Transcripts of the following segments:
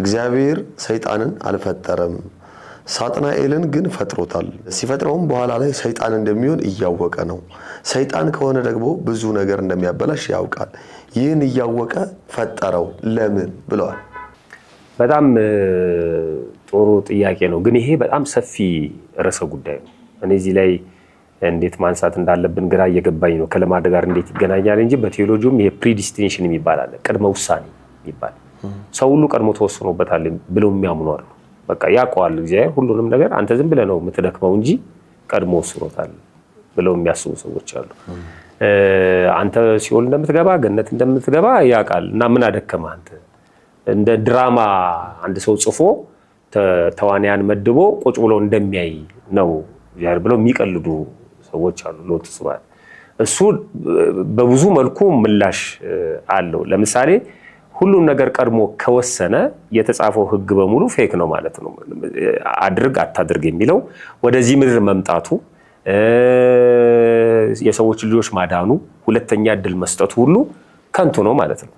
እግዚአብሔር ሰይጣንን አልፈጠረም። ሳጥናኤልን ግን ፈጥሮታል። ሲፈጥረውም በኋላ ላይ ሰይጣን እንደሚሆን እያወቀ ነው። ሰይጣን ከሆነ ደግሞ ብዙ ነገር እንደሚያበላሽ ያውቃል። ይህን እያወቀ ፈጠረው ለምን ብለዋል። በጣም ጥሩ ጥያቄ ነው፣ ግን ይሄ በጣም ሰፊ ርዕሰ ጉዳይ ነው። እኔ እዚህ ላይ እንዴት ማንሳት እንዳለብን ግራ እየገባኝ ነው። ከልማድ ጋር እንዴት ይገናኛል እንጂ በቴዎሎጂውም ይሄ ፕሪዲስቲኔሽን የሚባል አለ፣ ቅድመ ውሳኔ የሚባል ሰው ሁሉ ቀድሞ ተወስኖበታል ብለው የሚያምኑ አሉ። በቃ ያውቀዋል እግዚአብሔር ሁሉንም ነገር። አንተ ዝም ብለህ ነው የምትደክመው እንጂ ቀድሞ ወስኖታል ብለው የሚያስቡ ሰዎች አሉ። አንተ ሲኦል እንደምትገባ ገነት እንደምትገባ ያውቃል እና ምን አደከመ አንተ እንደ ድራማ አንድ ሰው ጽፎ ተዋንያን መድቦ ቁጭ ብሎ እንደሚያይ ነው እግዚአብሔር ብለው የሚቀልዱ ሰዎች አሉ። ሎት እሱ በብዙ መልኩ ምላሽ አለው። ለምሳሌ ሁሉም ነገር ቀድሞ ከወሰነ የተጻፈው ህግ በሙሉ ፌክ ነው ማለት ነው። አድርግ አታድርግ የሚለው ወደዚህ ምድር መምጣቱ፣ የሰዎች ልጆች ማዳኑ፣ ሁለተኛ እድል መስጠቱ ሁሉ ከንቱ ነው ማለት ነው።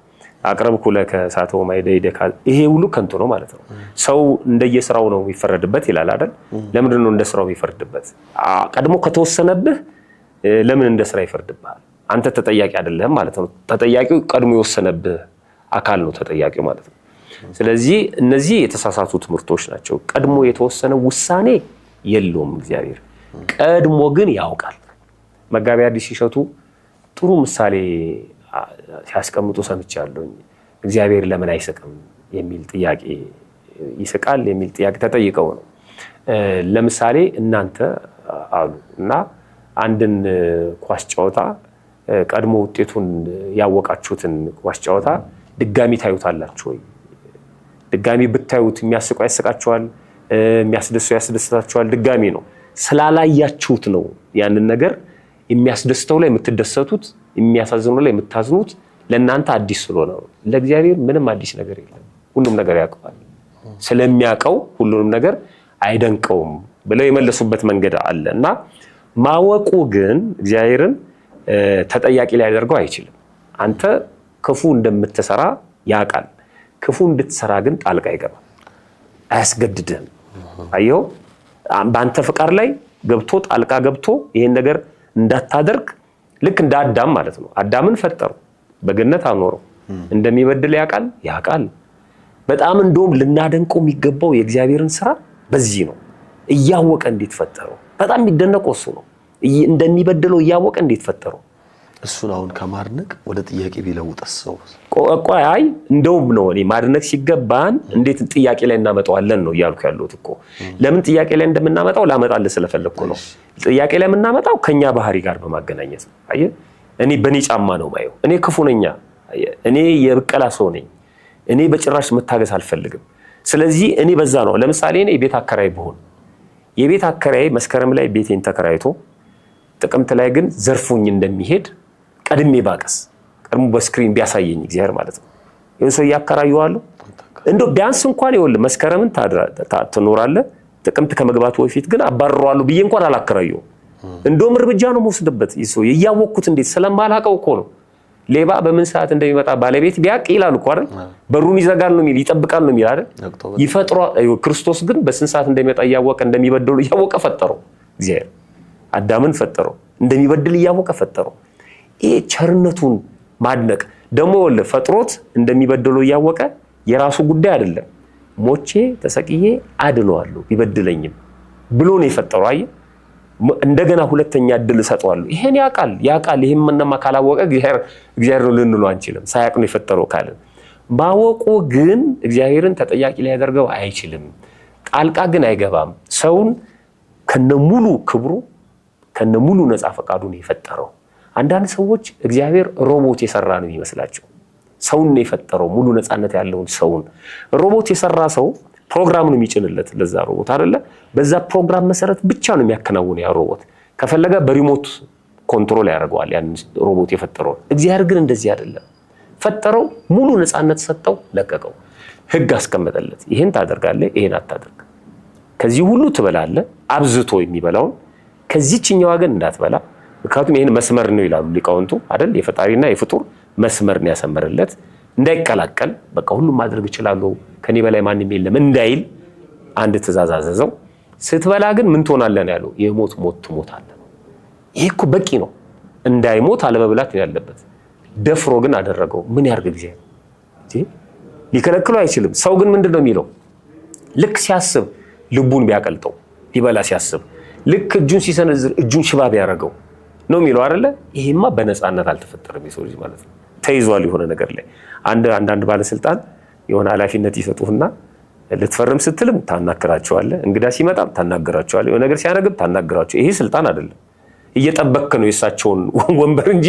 አቅረብ ኩለ ከሳተ ማይደይደ ይሄ ሁሉ ከንቱ ነው ማለት ነው። ሰው እንደየስራው ነው የሚፈረድበት ይላል አይደል? ለምንድን ነው እንደ ስራው የሚፈርድበት? ቀድሞ ከተወሰነብህ ለምን እንደ ስራ ይፈርድብሃል? አንተ ተጠያቂ አይደለህም ማለት ነው። ተጠያቂው ቀድሞ የወሰነብህ አካል ነው ተጠያቂው ማለት ነው። ስለዚህ እነዚህ የተሳሳቱ ትምህርቶች ናቸው። ቀድሞ የተወሰነ ውሳኔ የለውም እግዚአብሔር፣ ቀድሞ ግን ያውቃል። መጋቢ ሐዲስ ሲሸቱ ጥሩ ምሳሌ ሲያስቀምጡ ሰምቻለሁ። እግዚአብሔር ለምን አይሰቅም የሚል ጥያቄ ይስቃል የሚል ጥያቄ ተጠይቀው ነው። ለምሳሌ እናንተ አሉ እና አንድን ኳስ ጨዋታ ቀድሞ ውጤቱን ያወቃችሁትን ኳስ ጨዋታ ድጋሚ ታዩታላችሁ ወይ? ድጋሚ ብታዩት የሚያስቁ ያስቃቸዋል የሚያስደሱ ያስደስታቸዋል። ድጋሚ ነው ስላላያችሁት ነው ያንን ነገር የሚያስደስተው ላይ የምትደሰቱት፣ የሚያሳዝኑ ላይ የምታዝኑት ለእናንተ አዲስ ስለሆነ ነው። ለእግዚአብሔር ምንም አዲስ ነገር የለም፣ ሁሉም ነገር ያውቀዋል። ስለሚያውቀው ሁሉንም ነገር አይደንቀውም ብለው የመለሱበት መንገድ አለ እና ማወቁ ግን እግዚአብሔርን ተጠያቂ ሊያደርገው አይችልም። አንተ ክፉ እንደምትሰራ ያውቃል። ክፉ እንድትሰራ ግን ጣልቃ አይገባም፣ አያስገድድህም። አየው በአንተ ፍቃድ ላይ ገብቶ ጣልቃ ገብቶ ይሄን ነገር እንዳታደርግ ልክ እንደ አዳም ማለት ነው። አዳምን ፈጠሩ፣ በገነት አኖረው። እንደሚበድል ያውቃል ያውቃል። በጣም እንደውም ልናደንቀው የሚገባው የእግዚአብሔርን ስራ በዚህ ነው። እያወቀ እንዴት ፈጠረው? በጣም የሚደነቀው እሱ ነው። እንደሚበድለው እያወቀ እንዴት ፈጠረው? እሱን አሁን ከማድነቅ ወደ ጥያቄ ቢለውጥ ሰው ቆቋ አይ እንደውም ነው እኔ ማድነቅ ሲገባን እንዴት ጥያቄ ላይ እናመጣዋለን ነው እያልኩ ያለሁት እኮ ለምን ጥያቄ ላይ እንደምናመጣው ላመጣልህ ስለፈለግኩ ነው ጥያቄ ላይ የምናመጣው ከኛ ባህሪ ጋር በማገናኘት ነው አየህ እኔ በእኔ ጫማ ነው ማየው እኔ ክፉ ነኛ እኔ የብቀላ ሰው ነኝ እኔ በጭራሽ መታገስ አልፈልግም ስለዚህ እኔ በዛ ነው ለምሳሌ እኔ የቤት አከራይ ብሆን የቤት አከራይ መስከረም ላይ ቤቴን ተከራይቶ ጥቅምት ላይ ግን ዘርፎኝ እንደሚሄድ ቀድሜ ባቀስ ቀድሞ በስክሪን ቢያሳየኝ እግዚአብሔር ማለት ነው። ይህን ሰው እያከራየዋለሁ እንዶ ቢያንስ እንኳን ይኸውልህ መስከረምን ትኖራለህ፣ ጥቅምት ከመግባቱ በፊት ግን አባርረዋለሁ ብዬ እንኳን አላከራየውም። እንደውም እርምጃ ነው መውሰድበት። ይህ ሰው እያወቅኩት እንዴት ስለማላቀው እኮ ነው። ሌባ በምን ሰዓት እንደሚመጣ ባለቤት ቢያቅ ይላል እኮ አይደል? በሩን ይዘጋል ነው የሚል ይጠብቃል ነው የሚል አይደል? ይፈጥሯ ክርስቶስ ግን በስንት ሰዓት እንደሚመጣ እያወቀ እንደሚበደሉ እያወቀ ፈጠረው። እግዚአብሔር አዳምን ፈጠረው እንደሚበድል እያወቀ ፈጠረው። ይሄ ቸርነቱን ማድነቅ ደግሞ ፈጥሮት እንደሚበድለው እያወቀ የራሱ ጉዳይ አይደለም ሞቼ ተሰቅዬ አድነዋለሁ ቢበድለኝም ብሎ ነው የፈጠረው። አየህ እንደገና ሁለተኛ እድል እሰጠዋለሁ። ይሄን ያውቃል ያውቃል። ይሄም ምንም ካላወቀ እግዚአብሔር ነው ልንለው አንችልም። ሳያውቅ ነው የፈጠረው ካለ ማወቁ ግን እግዚአብሔርን ተጠያቂ ሊያደርገው አይችልም። ጣልቃ ግን አይገባም። ሰውን ከነሙሉ ክብሩ ከነሙሉ ነፃ ፈቃዱ ነው የፈጠረው። አንዳንድ ሰዎች እግዚአብሔር ሮቦት የሰራ ነው የሚመስላቸው። ሰውን የፈጠረው ሙሉ ነፃነት ያለውን ሰውን ሮቦት የሰራ ሰው ፕሮግራም ነው የሚጭንለት ለዛ ሮቦት አይደለ። በዛ ፕሮግራም መሰረት ብቻ ነው የሚያከናውን ያ ሮቦት። ከፈለገ በሪሞት ኮንትሮል ያደርገዋል ያን ሮቦት የፈጠረውን። እግዚአብሔር ግን እንደዚህ አይደለም። ፈጠረው፣ ሙሉ ነፃነት ሰጠው፣ ለቀቀው። ህግ አስቀመጠለት። ይሄን ታደርጋለህ፣ ይሄን አታደርግ። ከዚህ ሁሉ ትበላለህ፣ አብዝቶ የሚበላውን ከዚችኛዋ ግን እንዳትበላ ምክንያቱም ይህን መስመር ነው ይላሉ ሊቃውንቱ አይደል? የፈጣሪና የፍጡር መስመር ነው ያሰመረለት እንዳይቀላቀል፣ በቃ ሁሉም ማድረግ ይችላሉ፣ ከኔ በላይ ማንም የለም እንዳይል አንድ ትእዛዝ አዘዘው። ስትበላ ግን ምን ትሆናለን ያለው። የሞት ሞት ትሞታለህ። ይህ እኮ በቂ ነው። እንዳይሞት አለመብላት ነው ያለበት። ደፍሮ ግን አደረገው። ምን ያርግ ጊዜ ነው ሊከለክለው አይችልም። ሰው ግን ምንድን ነው የሚለው? ልክ ሲያስብ ልቡን ቢያቀልጠው ሊበላ ሲያስብ፣ ልክ እጁን ሲሰነዝር እጁን ሽባ ቢያደርገው ነው የሚለው አይደለ? ይሄማ በነፃነት አልተፈጠረም የሰው ልጅ ማለት ነው። ተይዟል የሆነ ነገር ላይ አንድ አንዳንድ ባለስልጣን የሆነ ኃላፊነት ይሰጡህና ልትፈርም ስትልም ታናግራቸዋለህ። እንግዳ ሲመጣም ታናግራቸዋለህ። የሆነ ነገር ሲያደርግም ታናግራቸው። ይሄ ስልጣን አይደለም። እየጠበክ ነው የእሳቸውን ወንበር እንጂ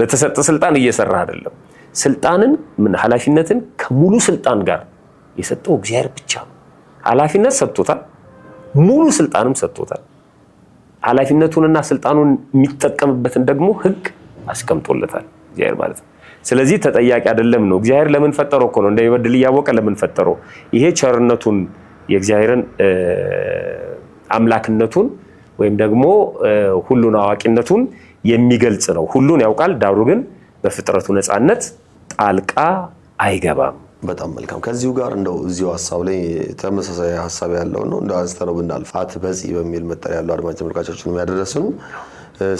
በተሰጠ ስልጣን እየሰራ አይደለም። ስልጣንን ምን ኃላፊነትን ከሙሉ ስልጣን ጋር የሰጠው እግዚአብሔር ብቻ ነው። ኃላፊነት ሰጥቶታል፣ ሙሉ ስልጣንም ሰጥቶታል። ኃላፊነቱንና ስልጣኑን የሚጠቀምበትን ደግሞ ህግ አስቀምጦለታል እግዚአብሔር ማለት ነው። ስለዚህ ተጠያቂ አይደለም ነው። እግዚአብሔር ለምን ፈጠረው እኮ ነው እንደሚበድል እያወቀ ለምን ፈጠረው። ይሄ ቸርነቱን የእግዚአብሔርን አምላክነቱን ወይም ደግሞ ሁሉን አዋቂነቱን የሚገልጽ ነው። ሁሉን ያውቃል፣ ዳሩ ግን በፍጥረቱ ነፃነት ጣልቃ አይገባም። በጣም መልካም። ከዚሁ ጋር እንደው እዚሁ ሀሳብ ላይ ተመሳሳይ ሀሳብ ያለው ነው እንደ አንስተነው ብናልፍ አት በጽ በሚል መጠሪያ ያለው አድማጭ ተመልካቾችን የሚያደረስኑ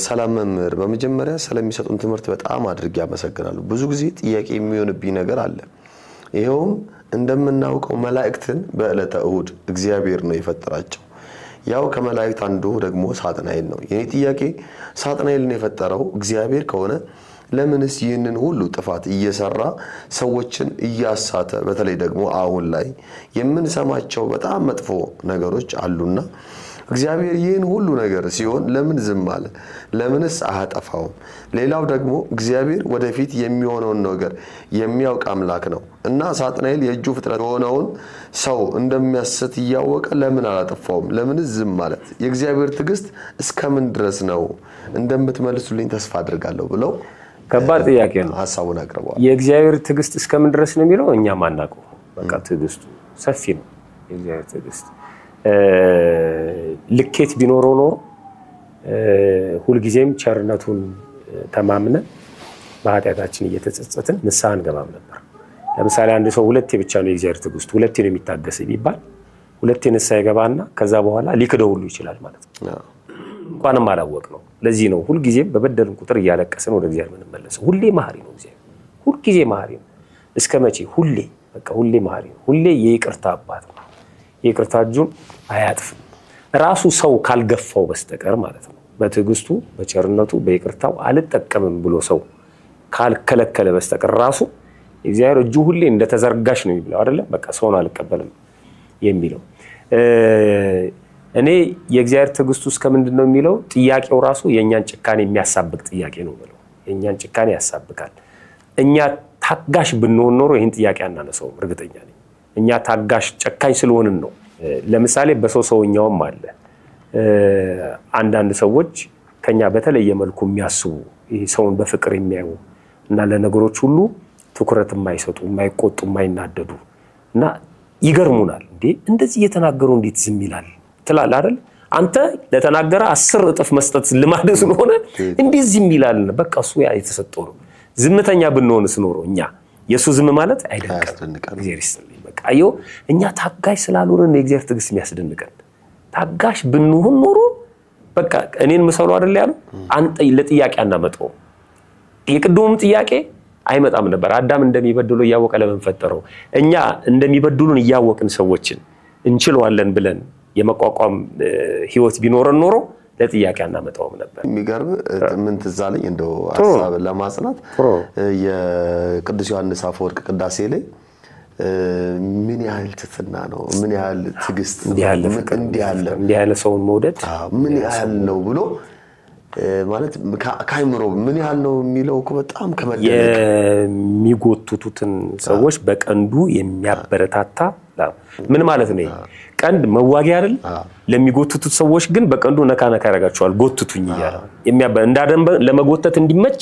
ሰላም መምህር፣ በመጀመሪያ ስለሚሰጡን ትምህርት በጣም አድርጌ አመሰግናለሁ። ብዙ ጊዜ ጥያቄ የሚሆንብኝ ነገር አለ። ይኸውም እንደምናውቀው መላእክትን በዕለተ እሁድ እግዚአብሔር ነው የፈጠራቸው። ያው ከመላእክት አንዱ ደግሞ ሳጥናኤል ነው። የኔ ጥያቄ ሳጥናኤልን የፈጠረው እግዚአብሔር ከሆነ ለምንስ ይህንን ሁሉ ጥፋት እየሰራ ሰዎችን እያሳተ፣ በተለይ ደግሞ አሁን ላይ የምንሰማቸው በጣም መጥፎ ነገሮች አሉና እግዚአብሔር ይህን ሁሉ ነገር ሲሆን ለምን ዝም አለ? ለምንስ አያጠፋውም? ሌላው ደግሞ እግዚአብሔር ወደፊት የሚሆነውን ነገር የሚያውቅ አምላክ ነው እና ሳጥናኤል የእጁ ፍጥረት የሆነውን ሰው እንደሚያስት እያወቀ ለምን አላጠፋውም? ለምንስ ዝም ማለት? የእግዚአብሔር ትዕግስት እስከምን ድረስ ነው? እንደምትመልሱልኝ ተስፋ አድርጋለሁ ብለው ከባድ ጥያቄ ነው። ሀሳቡን አቅርበዋል። የእግዚአብሔር ትዕግስት እስከምን ድረስ ነው የሚለው እኛም አናውቀው። በቃ ትዕግስቱ ሰፊ ነው። የእግዚአብሔር ትዕግስት ልኬት ቢኖረው ኖሮ ሁልጊዜም ቸርነቱን ተማምነን በኃጢአታችን እየተጸጸትን ንስሐ አንገባም ነበር። ለምሳሌ አንድ ሰው ሁለቴ ብቻ ነው የእግዚአብሔር ትግስት ሁለቴ ነው የሚታገስ ቢባል ሁለቴ ንስሐ ይገባና ከዛ በኋላ ሊክደው ሁሉ ይችላል ማለት ነው። እንኳንም አላወቅ ነው። ለዚህ ነው ሁልጊዜም በበደልን ቁጥር እያለቀስን ወደ እግዚአብሔር የምንመለሰው። ሁሌ መሐሪ ነው እግዚአብሔር፣ ሁልጊዜ መሐሪ ነው። እስከ መቼ? ሁሌ በቃ ሁሌ መሐሪ ነው። ሁሌ የይቅርታ አባት ነው። የይቅርታ እጁን አያጥፍም ራሱ ሰው ካልገፋው በስተቀር ማለት ነው። በትዕግስቱ በቸርነቱ በይቅርታው አልጠቀምም ብሎ ሰው ካልከለከለ በስተቀር ራሱ እግዚአብሔር እጁ ሁሌ እንደተዘርጋሽ ነው የሚለው አይደለም። በቃ ሰውን አልቀበልም የሚለው እኔ የእግዚአብሔር ትዕግስቱ እስከ ነው የሚለው ጥያቄው ራሱ የእኛን ጭካኔ የሚያሳብቅ ጥያቄ ነው ብለው የእኛን ጭካኔ ያሳብቃል። እኛ ታጋሽ ብንሆን ኖሮ ይህን ጥያቄ አናነሰውም፣ እርግጠኛ ነኝ። እኛ ታጋሽ ጨካኝ ስለሆንን ነው። ለምሳሌ በሰው ሰውኛውም አለ አንዳንድ ሰዎች ከኛ በተለየ መልኩ የሚያስቡ ሰውን በፍቅር የሚያዩ እና ለነገሮች ሁሉ ትኩረት የማይሰጡ የማይቆጡ፣ የማይናደዱ እና ይገርሙናል። እንዴ እንደዚህ እየተናገሩ እንዴት ዝም ይላል ትላለህ አይደል? አንተ ለተናገረ አስር እጥፍ መስጠት ልማድ ስለሆነ እንዲህ የሚላል ይላል። በቃ እሱ የተሰጠው ነው። ዝምተኛ ብንሆን ስኖሮ እኛ የእሱ ዝም ማለት አይደንቅም። እግዚአብሔር እኛ ታጋሽ ስላልሆነ የእግዚአብሔር ትግስት የሚያስደንቀን። ታጋሽ ብንሆን ኖሮ በቃ እኔን ምሰሉ አይደል ያሉ አንተ ለጥያቄ አናመጠ የቅድሙም ጥያቄ አይመጣም ነበር። አዳም እንደሚበድሉ እያወቀ ለምን እኛ እንደሚበድሉን እያወቅን ሰዎችን እንችለዋለን ብለን የመቋቋም ህይወት ቢኖረን ኖሮ ለጥያቄ አናመጣውም ነበር። የሚገርም ምን ትዝ አለኝ እንደው ሀሳብ ለማጽናት የቅዱስ ዮሐንስ አፈወርቅ ቅዳሴ ላይ ምን ያህል ትትና ነው፣ ምን ያህል ትግስት እንዲህ ያለ ሰውን መውደድ ምን ያህል ነው ብሎ ማለት ከአይምሮ ምን ያህል ነው የሚለው እኮ በጣም የሚጎትቱትን ሰዎች በቀንዱ የሚያበረታታ ምን ማለት ነው? ቀንድ መዋጊያ አይደል? ለሚጎትቱት ሰዎች ግን በቀንዱ ነካ ነካ ያደርጋቸዋል። ጎትቱኝ እያለ ለመጎተት እንዲመች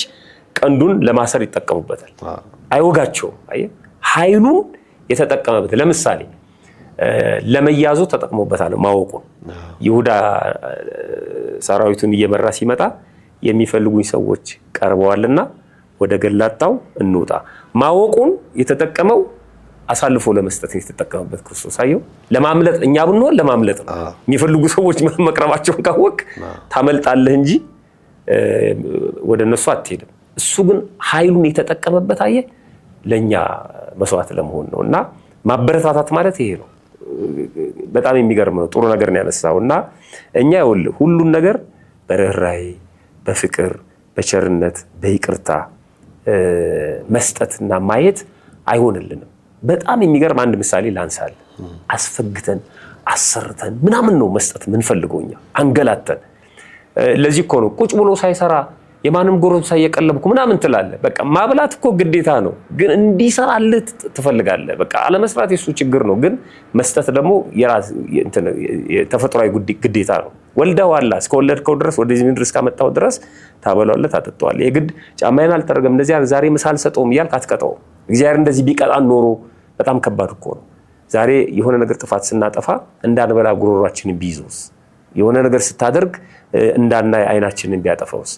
ቀንዱን ለማሰር ይጠቀሙበታል። አይወጋቸውም። ኃይሉን የተጠቀመበት ለምሳሌ ለመያዙ ተጠቅሞበታል። ማወቁን ይሁዳ ሰራዊቱን እየመራ ሲመጣ የሚፈልጉኝ ሰዎች ቀርበዋልና ወደ ገላጣው እንውጣ። ማወቁን የተጠቀመው አሳልፎ ለመስጠት የተጠቀመበት ክርስቶስ አየው። ለማምለጥ እኛ ብንሆን ለማምለጥ ነው። የሚፈልጉ ሰዎች መቅረባቸውን ካወቅ ታመልጣለህ እንጂ ወደ እነሱ አትሄድም። እሱ ግን ኃይሉን የተጠቀመበት አየ ለእኛ መስዋዕት ለመሆን ነው እና ማበረታታት ማለት ይሄ ነው። በጣም የሚገርም ነው። ጥሩ ነገር ነው ያነሳው እና እኛ ይኸውልህ ሁሉን ነገር በርኅራኄ፣ በፍቅር፣ በቸርነት፣ በይቅርታ መስጠትና ማየት አይሆንልንም። በጣም የሚገርም አንድ ምሳሌ ላንሳል። አስፈግተን አሰርተን ምናምን ነው መስጠት ምንፈልገው እኛ አንገላተን። ለዚህ እኮ ነው ቁጭ ብሎ ሳይሰራ የማንም ጎረምሳ እየቀለብኩ ምናምን ትላለህ። በቃ ማብላት እኮ ግዴታ ነው፣ ግን እንዲሰራልህ ትፈልጋለህ። በቃ አለመስራት የሱ ችግር ነው፣ ግን መስጠት ደግሞ ተፈጥሯዊ ግዴታ ነው። ወልደዋላ እስከወለድከው ድረስ ወደዚህ ምድር እስካመጣው ድረስ ታበላዋለህ፣ ታጠጣዋለህ። የግድ ጫማዬን አልጠረገም እንደዚህ ዛሬ ምሳ አልሰጠውም እያልክ አትቀጠውም። እግዚአብሔር እንደዚህ ቢቀጣን ኖሮ በጣም ከባድ እኮ ነው። ዛሬ የሆነ ነገር ጥፋት ስናጠፋ እንዳንበላ ጉሮሯችንን ቢይዘውስ? የሆነ ነገር ስታደርግ እንዳናይ አይናችንን ቢያጠፋውስ?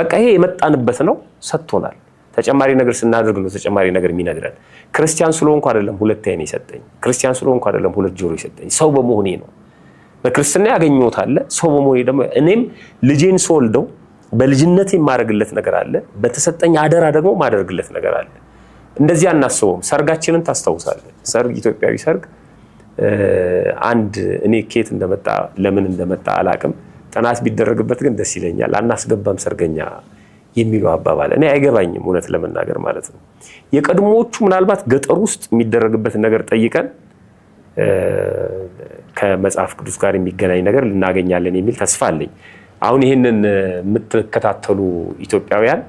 በቃ ይሄ የመጣንበት ነው፣ ሰጥቶናል። ተጨማሪ ነገር ስናደርግ ነው ተጨማሪ ነገር የሚነግረን። ክርስቲያን ስለሆንኩ አይደለም ሁለት ዓይን የሰጠኝ፣ ክርስቲያን ስለሆንኩ አይደለም ሁለት ጆሮ የሰጠኝ፣ ሰው በመሆኔ ነው። በክርስትና ያገኘሁት አለ፣ ሰው በመሆኔ ደግሞ እኔም ልጄን ስወልደው በልጅነት የማደርግለት ነገር አለ፣ በተሰጠኝ አደራ ደግሞ ማደርግለት ነገር አለ። እንደዚህ አናስበውም። ሰርጋችንን ታስታውሳለህ። ሰርግ ኢትዮጵያዊ ሰርግ አንድ እኔ ኬት እንደመጣ ለምን እንደመጣ አላቅም ጥናት ቢደረግበት ግን ደስ ይለኛል። አናስገባም ሰርገኛ የሚለው አባባል እኔ አይገባኝም፣ እውነት ለመናገር ማለት ነው። የቀድሞዎቹ ምናልባት ገጠር ውስጥ የሚደረግበትን ነገር ጠይቀን ከመጽሐፍ ቅዱስ ጋር የሚገናኝ ነገር ልናገኛለን የሚል ተስፋ አለኝ። አሁን ይህንን የምትከታተሉ ኢትዮጵያውያን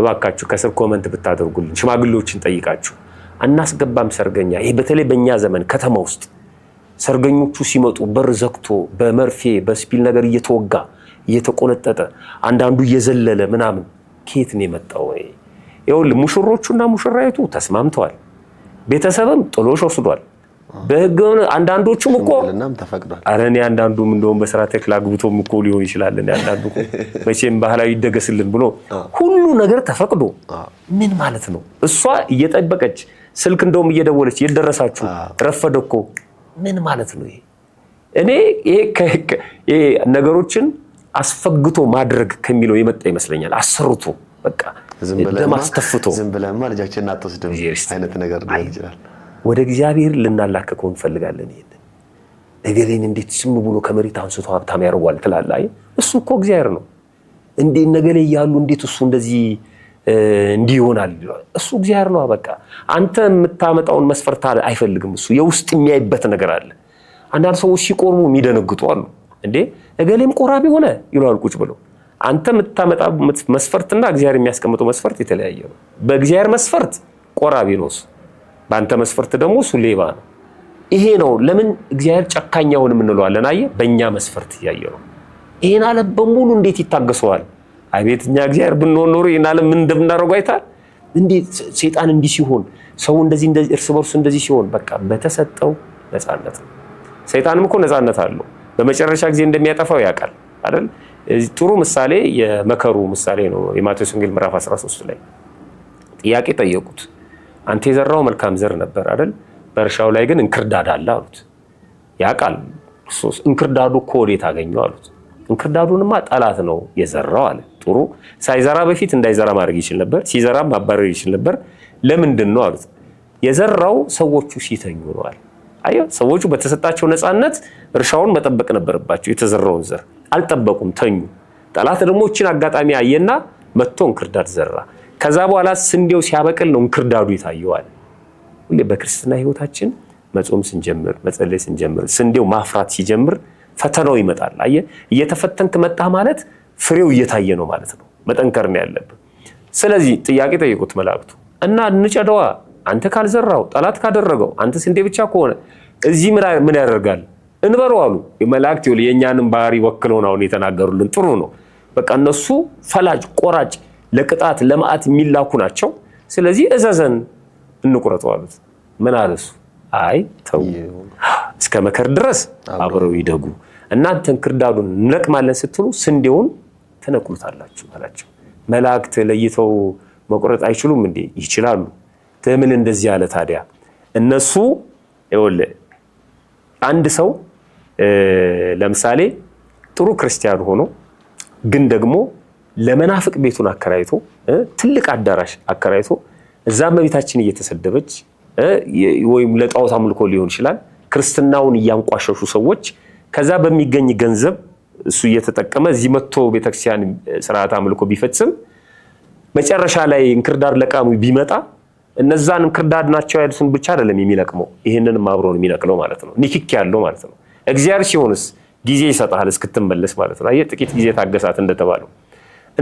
እባካችሁ ከስር ኮመንት ብታደርጉልን፣ ሽማግሌዎችን ጠይቃችሁ አናስገባም ሰርገኛ ይህ በተለይ በእኛ ዘመን ከተማ ውስጥ ሰርገኞቹ ሲመጡ በር ዘግቶ በመርፌ በስፒል ነገር እየተወጋ እየተቆነጠጠ አንዳንዱ እየዘለለ ምናምን ኬት ነው የመጣው? ይኸውልህ ሙሽሮቹና ሙሽራይቱ ተስማምተዋል። ቤተሰብም ጥሎሽ ወስዷል። በህግ አንዳንዶቹም እኮ ኧረ እኔ አንዳንዱም እንደውም በስራ ተክል አግብቶም እኮ ሊሆን ይችላል። አንዳንዱ መቼም ባህላዊ ይደገስልን ብሎ ሁሉ ነገር ተፈቅዶ ምን ማለት ነው? እሷ እየጠበቀች ስልክ እንደውም እየደወለች የደረሳችሁ ረፈደ እኮ ምን ማለት ነው? ይሄ እኔ ይሄ ነገሮችን አስፈግቶ ማድረግ ከሚለው የመጣ ይመስለኛል። አሰርቶ በቃ ለማስተፍቶ ዝም ብለህማ ልጃችንን አትወስድም አይነት ነገር ይችላል። ወደ እግዚአብሔር ልናላከከው እንፈልጋለን። ይሄን እገሌን እንዴት ዝም ብሎ ከመሬት አንስቶ ሀብታም ያደርጓል ትላለህ። አይ እሱ እኮ እግዚአብሔር ነው እንዴ ነገሌ እያሉ እንዴት እሱ እንደዚህ እንዲህ ይሆናል። እሱ እግዚአብሔር ነው። በቃ አንተ የምታመጣውን መስፈርት አይፈልግም። እሱ የውስጥ የሚያይበት ነገር አለ። አንዳንድ ሰዎች ሲቆርቡ የሚደነግጡ አሉ። እንዴ እገሌም ቆራቢ ሆነ ይሏል ቁጭ ብለው። አንተ የምታመጣ መስፈርትና እግዚአብሔር የሚያስቀምጠው መስፈርት የተለያየ ነው። በእግዚአብሔር መስፈርት ቆራቢ ነው እሱ፣ በአንተ መስፈርት ደግሞ እሱ ሌባ ነው። ይሄ ነው ለምን እግዚአብሔር ጨካኛውን የምንለዋለን? አየህ፣ በእኛ መስፈርት እያየ ነው። ይሄን አለ በሙሉ እንዴት ይታገሰዋል? አቤት እኛ እግዚአብሔር ብንሆን ኖሮ ይህን ዓለም ምን እንደምናደርገው አይታል። እንዴት ሰይጣን እንዲህ ሲሆን፣ ሰው እንደዚህ እርስ በርሱ እንደዚህ ሲሆን፣ በቃ በተሰጠው ነፃነት ነው። ሰይጣንም እኮ ነፃነት አለው። በመጨረሻ ጊዜ እንደሚያጠፋው ያውቃል አይደል? ጥሩ ምሳሌ የመከሩ ምሳሌ ነው። የማቴዎስ ወንጌል ምዕራፍ 13 ላይ ጥያቄ ጠየቁት። አንተ የዘራው መልካም ዘር ነበር አይደል? በእርሻው ላይ ግን እንክርዳድ አለ አሉት። ያውቃል ክርስቶስ። እንክርዳዱ እኮ ወዴት አገኘው አሉት። እንክርዳዱንማ ጠላት ነው የዘራው አለ። ጥሩ ሳይዘራ በፊት እንዳይዘራ ማድረግ ይችል ነበር። ሲዘራ ማባረር ይችል ነበር። ለምንድን ነው አሉት። የዘራው ሰዎቹ ሲተኙ ነው አለ። ሰዎቹ በተሰጣቸው ነፃነት እርሻውን መጠበቅ ነበረባቸው። የተዘራውን ዘር አልጠበቁም፣ ተኙ። ጠላት ደግሞ እችን አጋጣሚ አየና መጥቶ እንክርዳድ ዘራ። ከዛ በኋላ ስንዴው ሲያበቅል ነው እንክርዳዱ ይታየዋል። ሁሌ በክርስትና ህይወታችን መጾም ስንጀምር፣ መጸለይ ስንጀምር፣ ስንዴው ማፍራት ሲጀምር ፈተናው ይመጣል። አየህ እየተፈተንክ መጣ ማለት ፍሬው እየታየ ነው ማለት ነው። መጠንከር ነው ያለብን። ስለዚህ ጥያቄ ጠይቁት መላእክቱ እና እንጨደዋ አንተ ካልዘራው ጠላት ካደረገው አንተ ስንዴ ብቻ ከሆነ እዚህ ምን ያደርጋል? እንበሩ አሉ መላእክት። ይኸውልህ የእኛንም ባህሪ ወክለውን አሁን የተናገሩልን ጥሩ ነው። በቃ እነሱ ፈላጭ ቆራጭ፣ ለቅጣት ለመዓት የሚላኩ ናቸው። ስለዚህ እዘዘን እንቁረጠው አሉት። ምን አለ እሱ? አይ ተው እስከ መከር ድረስ አብረው ይደጉ እናንተን ክርዳዱን እንለቅማለን ስትሉ ስንዴውን ትነቅሉታላችሁ አላቸው። መላእክት ለይተው መቁረጥ አይችሉም እንዴ? ይችላሉ። ለምን እንደዚህ አለ ታዲያ? እነሱ ይኸውልህ አንድ ሰው ለምሳሌ ጥሩ ክርስቲያን ሆኖ ግን ደግሞ ለመናፍቅ ቤቱን አከራይቶ ትልቅ አዳራሽ አከራይቶ እዛ እመቤታችን እየተሰደበች ወይም ለጣዖት አምልኮ ሊሆን ይችላል ክርስትናውን እያንቋሸሹ ሰዎች ከዛ በሚገኝ ገንዘብ እሱ እየተጠቀመ እዚህ መጥቶ ቤተክርስቲያን ስርዓት አምልኮ ቢፈጽም መጨረሻ ላይ እንክርዳድ ለቃሙ ቢመጣ እነዛን እንክርዳድ ናቸው ያሉትን ብቻ አይደለም የሚለቅመው፣ ይህንንም አብሮ ነው ማለት ነው። ንክክ ያለው ማለት ነው። እግዚአብሔር ሲሆንስ ጊዜ ይሰጣል እስክትመለስ ማለት ነው። ጥቂት ጊዜ ታገሳት እንደተባለው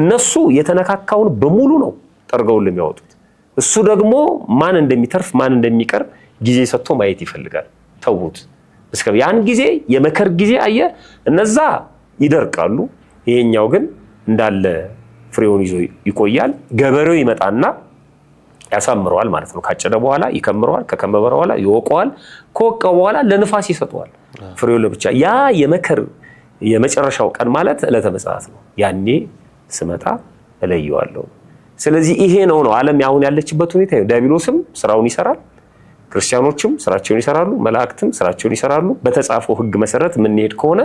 እነሱ የተነካካውን በሙሉ ነው ጠርገውን የሚያወጡት። እሱ ደግሞ ማን እንደሚተርፍ ማን እንደሚቀር ጊዜ ሰጥቶ ማየት ይፈልጋል። ተዉት፣ ያን ጊዜ የመከር ጊዜ አየ እነዛ ይደርቃሉ። ይሄኛው ግን እንዳለ ፍሬውን ይዞ ይቆያል። ገበሬው ይመጣና ያሳምረዋል ማለት ነው። ካጨደ በኋላ ይከምረዋል። ከከመረ በኋላ ይወቀዋል። ከወቀው በኋላ ለንፋስ ይሰጠዋል። ፍሬው ለብቻ ያ የመከር የመጨረሻው ቀን ማለት ዕለተ ምጽአት ነው። ያኔ ስመጣ እለየዋለሁ። ስለዚህ ይሄ ነው ነው ዓለም አሁን ያለችበት ሁኔታ። ዲያብሎስም ስራውን ይሰራል። ክርስቲያኖችም ስራቸውን ይሰራሉ፣ መላእክትም ስራቸውን ይሰራሉ። በተጻፈው ህግ መሰረት የምንሄድ ከሆነ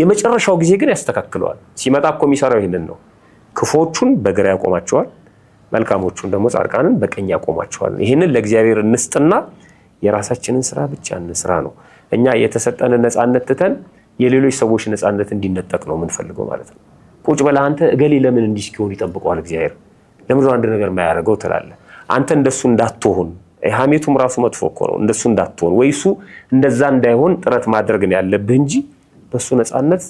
የመጨረሻው ጊዜ ግን ያስተካክለዋል። ሲመጣ እኮ የሚሰራው ይህንን ነው። ክፎቹን በግራ ያቆማቸዋል፣ መልካሞቹን ደግሞ ጻድቃንን በቀኝ ያቆማቸዋል። ይህንን ለእግዚአብሔር እንስጥና የራሳችንን ስራ ብቻ እንስራ ነው። እኛ የተሰጠንን ነፃነት ትተን የሌሎች ሰዎች ነፃነት እንዲነጠቅ ነው የምንፈልገው ማለት ነው። ቁጭ በላ አንተ እገሌ ለምን እንዲህ እስኪሆን ይጠብቀዋል እግዚአብሔር ለምንድን አንድ ነገር የማያደርገው ትላለህ አንተ እንደሱ እንዳትሆን ሀሜቱም ራሱ መጥፎ እኮ ነው። እንደሱ እንዳትሆን ወይ እሱ እንደዛ እንዳይሆን ጥረት ማድረግ ነው ያለብህ እንጂ በእሱ ነፃነት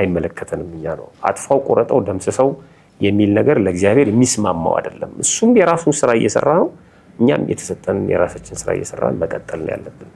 አይመለከተንም። እኛ ነው አጥፋው፣ ቁረጠው፣ ደምስሰው የሚል ነገር ለእግዚአብሔር የሚስማማው አይደለም። እሱም የራሱን ስራ እየሰራ ነው፣ እኛም የተሰጠንን የራሳችን ስራ እየሰራን መቀጠል ነው ያለብን።